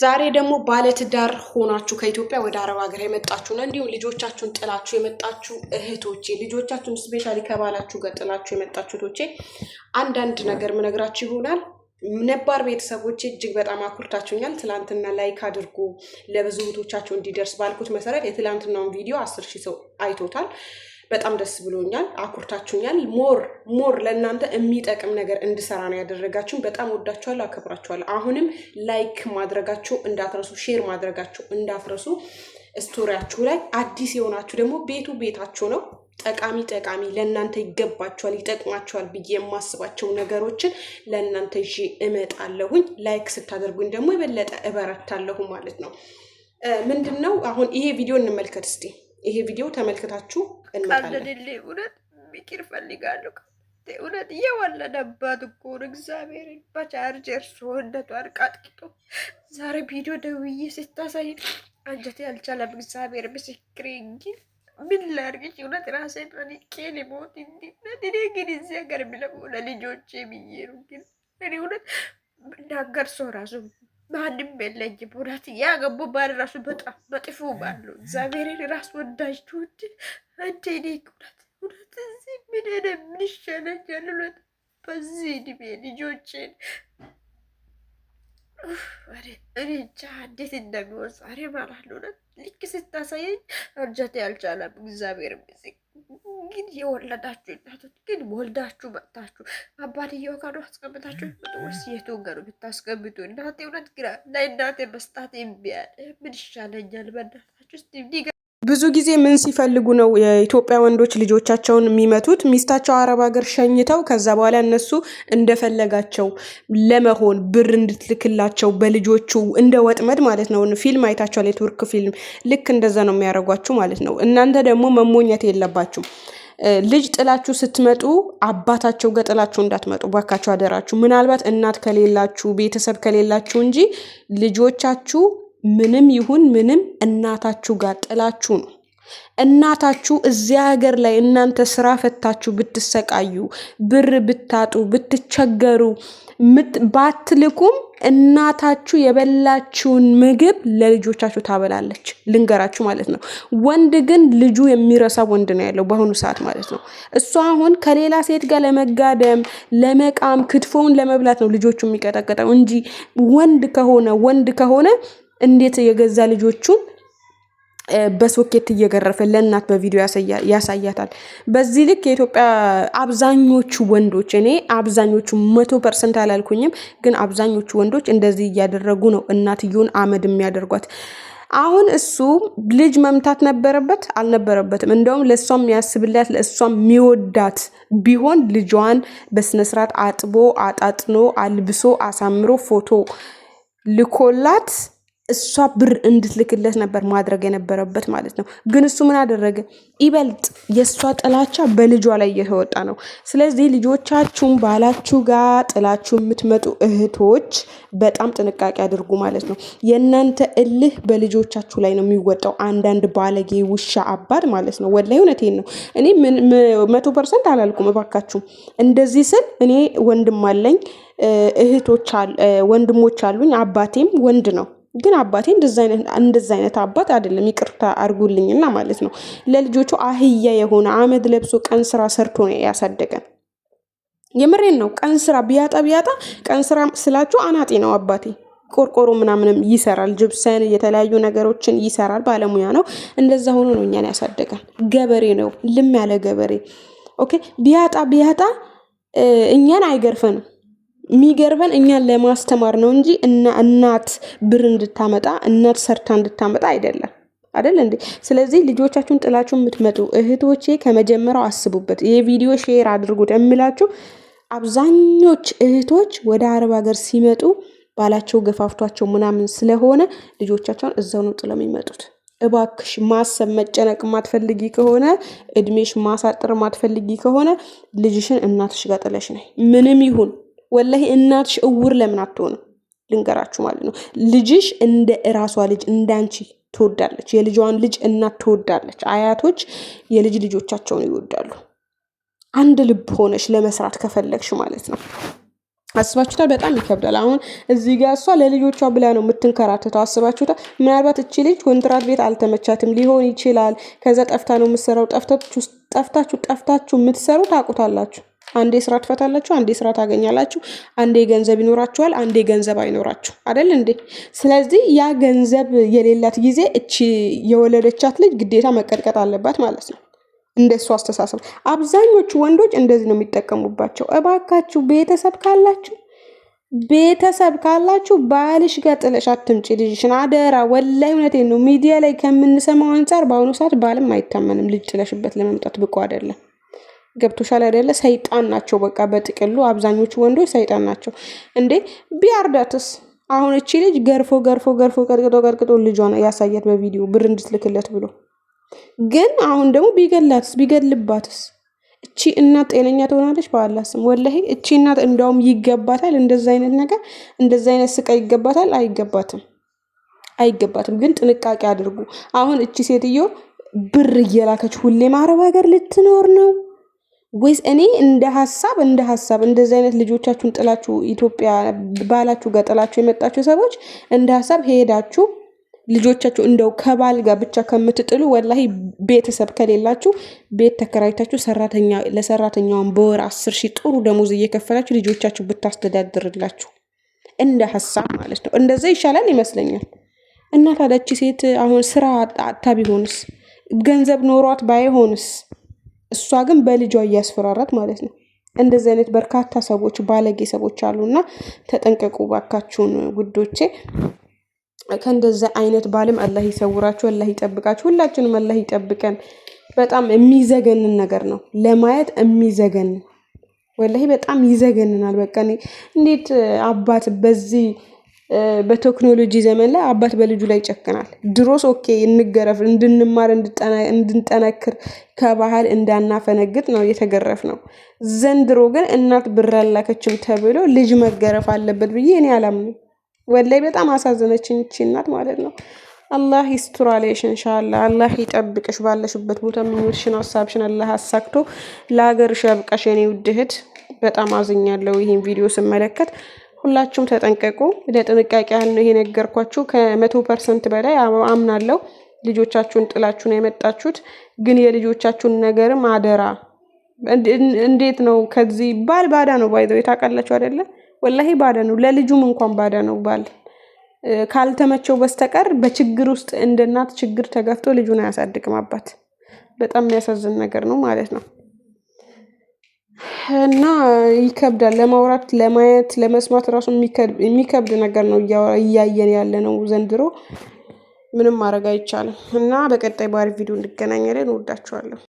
ዛሬ ደግሞ ባለትዳር ሆናችሁ ከኢትዮጵያ ወደ አረብ ሀገር የመጣችሁና እንዲሁም ልጆቻችሁን ጥላችሁ የመጣችሁ እህቶቼ ልጆቻችሁን ስፔሻሊ ከባላችሁ ጋር ጥላችሁ የመጣችሁ እህቶቼ አንዳንድ ነገር ምነግራችሁ ይሆናል። ነባር ቤተሰቦቼ እጅግ በጣም አኩርታችሁኛል። ትላንትና ላይክ አድርጉ ለብዙ እህቶቻችሁ እንዲደርስ ባልኩት መሰረት የትላንትናውን ቪዲዮ አስር ሺህ ሰው አይቶታል። በጣም ደስ ብሎኛል። አኩርታችሁኛል። ሞር ሞር ለእናንተ የሚጠቅም ነገር እንድሰራ ነው ያደረጋችሁን። በጣም ወዳችኋለሁ፣ አከብራችኋለሁ። አሁንም ላይክ ማድረጋችሁ እንዳትረሱ፣ ሼር ማድረጋችሁ እንዳትረሱ። ስቶሪያችሁ ላይ አዲስ የሆናችሁ ደግሞ ቤቱ ቤታችሁ ነው። ጠቃሚ ጠቃሚ ለእናንተ ይገባችኋል፣ ይጠቅማችኋል ብዬ የማስባቸው ነገሮችን ለእናንተ ይዤ እመጣለሁኝ። ላይክ ስታደርጉኝ ደግሞ የበለጠ እበረታለሁ ማለት ነው። ምንድን ነው አሁን ይሄ ቪዲዮ እንመልከት እስቲ። ይሄ ቪዲዮ ተመልክታችሁ እንመጣለን። እውነት ቢቂር ፈልጋለሁ። እውነት እየወለደባት እኮ ነው። እግዚአብሔር በቻርጀር ሰውነቷን ቀጥቅጦ ዛሬ ቪዲዮ ደውዬ ስታሳይ አንጀቴ አልቻለም። እግዚአብሔር ምስክሬ እንጂ ምን ላርግች? እውነት ራሴ አንቄ ልሞት እንዲነት እኔ ግን እዚህ ሀገር ብለሆነ ልጆቼ ብዬ ነው ግን እኔ እውነት ናገር ሰው ራሱ ማንም የለኝም። እውነት ያገቡ ባል ራሱ በጣም በጥፉ ባሉ እግዚአብሔርን ራስ ወዳጅ ትውድ እንዴኔ እውነት እውነት እዚህ ምን ሄደ ምን ይሻለኛል? እውነት በዚህ እድሜ ልጆችን እኔ እንጃ እንዴት እንደሚወዝ ዛሬ ማለት ነው። እውነት ልክ ስታሳየኝ አንጀቴ አልቻለም። እግዚአብሔር ምስክ ግን የወለዳችሁ እናቶች ግን ወልዳችሁ መጥታችሁ አባትየው ካዶ አስቀምጣችሁ ጥቁርስ የቱ ገሩ ብታስቀምጡ እናቴ እውነት ግራ እናቴ መስጣት እምቢ ምን ይሻለኛል? በእናታችሁ ስ ብዙ ጊዜ ምን ሲፈልጉ ነው የኢትዮጵያ ወንዶች ልጆቻቸውን የሚመቱት? ሚስታቸው አረብ ሀገር ሸኝተው ከዛ በኋላ እነሱ እንደፈለጋቸው ለመሆን ብር እንድትልክላቸው በልጆቹ እንደ ወጥመድ ማለት ነው። ፊልም አይታችኋል፣ የቱርክ ፊልም። ልክ እንደዛ ነው የሚያደርጓችሁ ማለት ነው። እናንተ ደግሞ መሞኘት የለባችሁም። ልጅ ጥላችሁ ስትመጡ አባታቸው ጋር ጥላችሁ እንዳትመጡ ባካችሁ፣ አደራችሁ። ምናልባት እናት ከሌላችሁ ቤተሰብ ከሌላችሁ እንጂ ልጆቻችሁ ምንም ይሁን ምንም እናታችሁ ጋር ጥላችሁ ነው። እናታችሁ እዚያ ሀገር ላይ እናንተ ስራ ፈታችሁ ብትሰቃዩ፣ ብር ብታጡ፣ ብትቸገሩ፣ ባትልኩም እናታችሁ የበላችውን ምግብ ለልጆቻችሁ ታበላለች። ልንገራችሁ ማለት ነው። ወንድ ግን ልጁ የሚረሳ ወንድ ነው ያለው በአሁኑ ሰዓት ማለት ነው። እሷ አሁን ከሌላ ሴት ጋር ለመጋደም ለመቃም፣ ክትፎውን ለመብላት ነው ልጆቹ የሚቀጠቀጠው እንጂ ወንድ ከሆነ ወንድ ከሆነ እንዴት የገዛ ልጆቹን በሶኬት እየገረፈ ለእናት በቪዲዮ ያሳያታል። በዚህ ልክ የኢትዮጵያ አብዛኞቹ ወንዶች እኔ አብዛኞቹ መቶ ፐርሰንት አላልኩኝም፣ ግን አብዛኞቹ ወንዶች እንደዚህ እያደረጉ ነው እናትየውን አመድ የሚያደርጓት። አሁን እሱ ልጅ መምታት ነበረበት አልነበረበትም? እንደውም ለእሷም የሚያስብላት ለእሷም የሚወዳት ቢሆን ልጇን በስነስርዓት አጥቦ አጣጥኖ አልብሶ አሳምሮ ፎቶ ልኮላት እሷ ብር እንድትልክለት ነበር ማድረግ የነበረበት ማለት ነው። ግን እሱ ምን አደረገ? ይበልጥ የእሷ ጥላቻ በልጇ ላይ እየተወጣ ነው። ስለዚህ ልጆቻችሁን ባላችሁ ጋር ጥላችሁ የምትመጡ እህቶች በጣም ጥንቃቄ አድርጉ ማለት ነው። የእናንተ እልህ በልጆቻችሁ ላይ ነው የሚወጣው። አንዳንድ ባለጌ ውሻ አባድ ማለት ነው። ወላሂ እውነቴን ነው። እኔ መቶ ፐርሰንት አላልኩም፣ እባካችሁም እንደዚህ ስል እኔ ወንድም አለኝ፣ እህቶች ወንድሞች አሉኝ። አባቴም ወንድ ነው ግን አባቴ እንደዚ አይነት አባት አይደለም። ይቅርታ አድርጉልኝና ማለት ነው። ለልጆቹ አህያ የሆነ አመድ ለብሶ ቀን ስራ ሰርቶ ነው ያሳደገን። የምሬን ነው። ቀን ስራ ቢያጣ ቢያጣ ቀን ስራ ስላችሁ አናጤ ነው አባቴ። ቆርቆሮ ምናምንም ይሰራል፣ ጅብሰን የተለያዩ ነገሮችን ይሰራል። ባለሙያ ነው። እንደዛ ሆኖ ነው እኛን ያሳደገን። ገበሬ ነው፣ ልም ያለ ገበሬ ኦኬ። ቢያጣ ቢያጣ እኛን አይገርፈንም። የሚገርመን እኛን ለማስተማር ነው እንጂ እናት ብር እንድታመጣ እናት ሰርታ እንድታመጣ አይደለም አይደል እንዴ? ስለዚህ ልጆቻችሁን ጥላችሁ የምትመጡ እህቶቼ ከመጀመሪያው አስቡበት። ይሄ ቪዲዮ ሼር አድርጉት። የምላችሁ አብዛኞች እህቶች ወደ አረብ ሀገር ሲመጡ ባላቸው ገፋፍቷቸው ምናምን ስለሆነ ልጆቻቸውን እዛው ነው ጥለው የሚመጡት። እባክሽ ማሰብ መጨነቅ ማትፈልጊ ከሆነ እድሜሽ ማሳጠር ማትፈልጊ ከሆነ ልጅሽን እናትሽ ጋር ጥለሽ ነይ ምንም ይሁን ወላሂ እናትሽ እውር ለምን አትሆንም? ልንገራችሁ ማለት ነው። ልጅሽ እንደ እራሷ ልጅ እንዳንቺ ትወዳለች። የልጇን ልጅ እናት ትወዳለች። አያቶች የልጅ ልጆቻቸውን ይወዳሉ። አንድ ልብ ሆነሽ ለመስራት ከፈለግሽ ማለት ነው። አስባችሁታል? በጣም ይከብዳል። አሁን እዚህ ጋር እሷ ለልጆቿ ብላ ነው የምትንከራተተው። አስባችሁታል? ምናልባት እቺ ልጅ ኮንትራት ቤት አልተመቻትም ሊሆን ይችላል። ከዛ ጠፍታ ነው የምትሰራው። ጠፍታችሁ ጠፍታችሁ ጠፍታችሁ የምትሰሩ ታውቁታላችሁ። አንዴ ስራ ትፈታላችሁ፣ አንዴ ስራ ታገኛላችሁ፣ አንዴ ገንዘብ ይኖራችኋል፣ አንዴ ገንዘብ አይኖራችሁ አደል እንዴ? ስለዚህ ያ ገንዘብ የሌላት ጊዜ እቺ የወለደቻት ልጅ ግዴታ መቀጥቀጥ አለባት ማለት ነው። እንደሱ አስተሳሰብ አብዛኞቹ ወንዶች እንደዚህ ነው የሚጠቀሙባቸው። እባካችሁ ቤተሰብ ካላችሁ ቤተሰብ ካላችሁ ባልሽ ጋር ጥለሽ አትምጪ ልጅሽን፣ አደራ። ወላይ እውነቴን ነው። ሚዲያ ላይ ከምንሰማው አንጻር በአሁኑ ሰዓት ባልም አይታመንም። ልጅ ጥለሽበት ለመምጣት ብቁ አይደለም። ገብቶሻል አይደለ? ሰይጣን ናቸው። በቃ በጥቅሉ አብዛኞቹ ወንዶች ሰይጣን ናቸው። እንዴ ቢያርዳትስ? አሁን እቺ ልጅ ገርፎ ገርፎ ገርፎ ቀጥቅጦ ቀጥቅጦ ልጇን ያሳያት በቪዲዮ ብር እንድትልክለት ብሎ ግን አሁን ደግሞ ቢገላትስ ቢገልባትስ? እቺ እናት ጤነኛ ትሆናለች? በአላስም ወላሂ እቺ እናት እንዳውም ይገባታል። እንደዚ አይነት ነገር እንደዚ አይነት ስቃ ይገባታል? አይገባትም፣ አይገባትም። ግን ጥንቃቄ አድርጉ። አሁን እቺ ሴትዮ ብር እየላከች ሁሌ ማረብ ሀገር ልትኖር ነው። ወይስ እኔ እንደ ሀሳብ እንደ ሀሳብ እንደዚህ አይነት ልጆቻችሁን ጥላችሁ ኢትዮጵያ ባላችሁ ጋር ጥላችሁ የመጣችሁ ሰዎች እንደ ሀሳብ ሄዳችሁ ልጆቻችሁ እንደው ከባል ጋር ብቻ ከምትጥሉ ወላሂ ቤተሰብ ከሌላችሁ ቤት ተከራይታችሁ ሰራተኛ ለሰራተኛውን በወር አስር ሺህ ጥሩ ደሞዝ እየከፈላችሁ ልጆቻችሁ ብታስተዳድርላችሁ እንደ ሀሳብ ማለት ነው። እንደዛ ይሻላል ይመስለኛል። እና ታዲያ እቺ ሴት አሁን ስራ አጥታ ቢሆንስ ገንዘብ ኖሯት ባይሆንስ እሷ ግን በልጇ እያስፈራራት ማለት ነው። እንደዚህ አይነት በርካታ ሰዎች ባለጌ ሰዎች አሉና ተጠንቀቁ ባካችሁን ውዶቼ። ከእንደዚህ አይነት ባልም አላህ ይሰውራችሁ፣ አላህ ይጠብቃችሁ። ሁላችንም አላህ ይጠብቀን። በጣም የሚዘገንን ነገር ነው ለማየት የሚዘገንን ወላሂ በጣም ይዘገንናል። በቃ እንዴት አባት በዚህ በቴክኖሎጂ ዘመን ላይ አባት በልጁ ላይ ይጨክናል። ድሮስ ኦኬ እንገረፍ፣ እንድንማር፣ እንድንጠነክር ከባህል እንዳናፈነግጥ ነው እየተገረፍ ነው። ዘንድሮ ግን እናት ብር አላከችም ተብሎ ልጅ መገረፍ አለበት ብዬ እኔ አላምንም። ወላይ በጣም አሳዘነችኝ ይቺ እናት ማለት ነው። አላህ ይስቱራሌሽ እንሻላ አላህ ይጠብቅሽ። ባለሽበት ቦታ ምኞትሽን፣ ሀሳብሽን አላህ አሳክቶ ለሀገርሽ ያብቃሽ የኔ ውድ እህት። በጣም አዝኛለሁ ይህን ቪዲዮ ስመለከት። ሁላችሁም ተጠንቀቁ። ለጥንቃቄ ያህል ነው ይሄ ከመቶ ፐርሰንት በላይ አምናለሁ። ልጆቻችሁን ጥላችሁ ነው የመጣችሁት፣ ግን የልጆቻችሁን ነገርም አደራ። እንዴት ነው ከዚህ ባል ባዳ ነው ባይዘው የታውቃላችሁ አይደለ? ወላሂ ባዳ ነው። ለልጁም እንኳን ባዳ ነው ባል ካልተመቸው በስተቀር በችግር ውስጥ እንደ እናት ችግር ተገፍቶ ልጁን አያሳድግም አባት። በጣም የሚያሳዝን ነገር ነው ማለት ነው። እና ይከብዳል ለማውራት ለማየት ለመስማት ራሱ የሚከብድ ነገር ነው እያየን ያለነው ዘንድሮ። ምንም ማድረግ አይቻልም እና በቀጣይ በአሪፍ ቪዲዮ እንገናኛለን እወዳችኋለሁ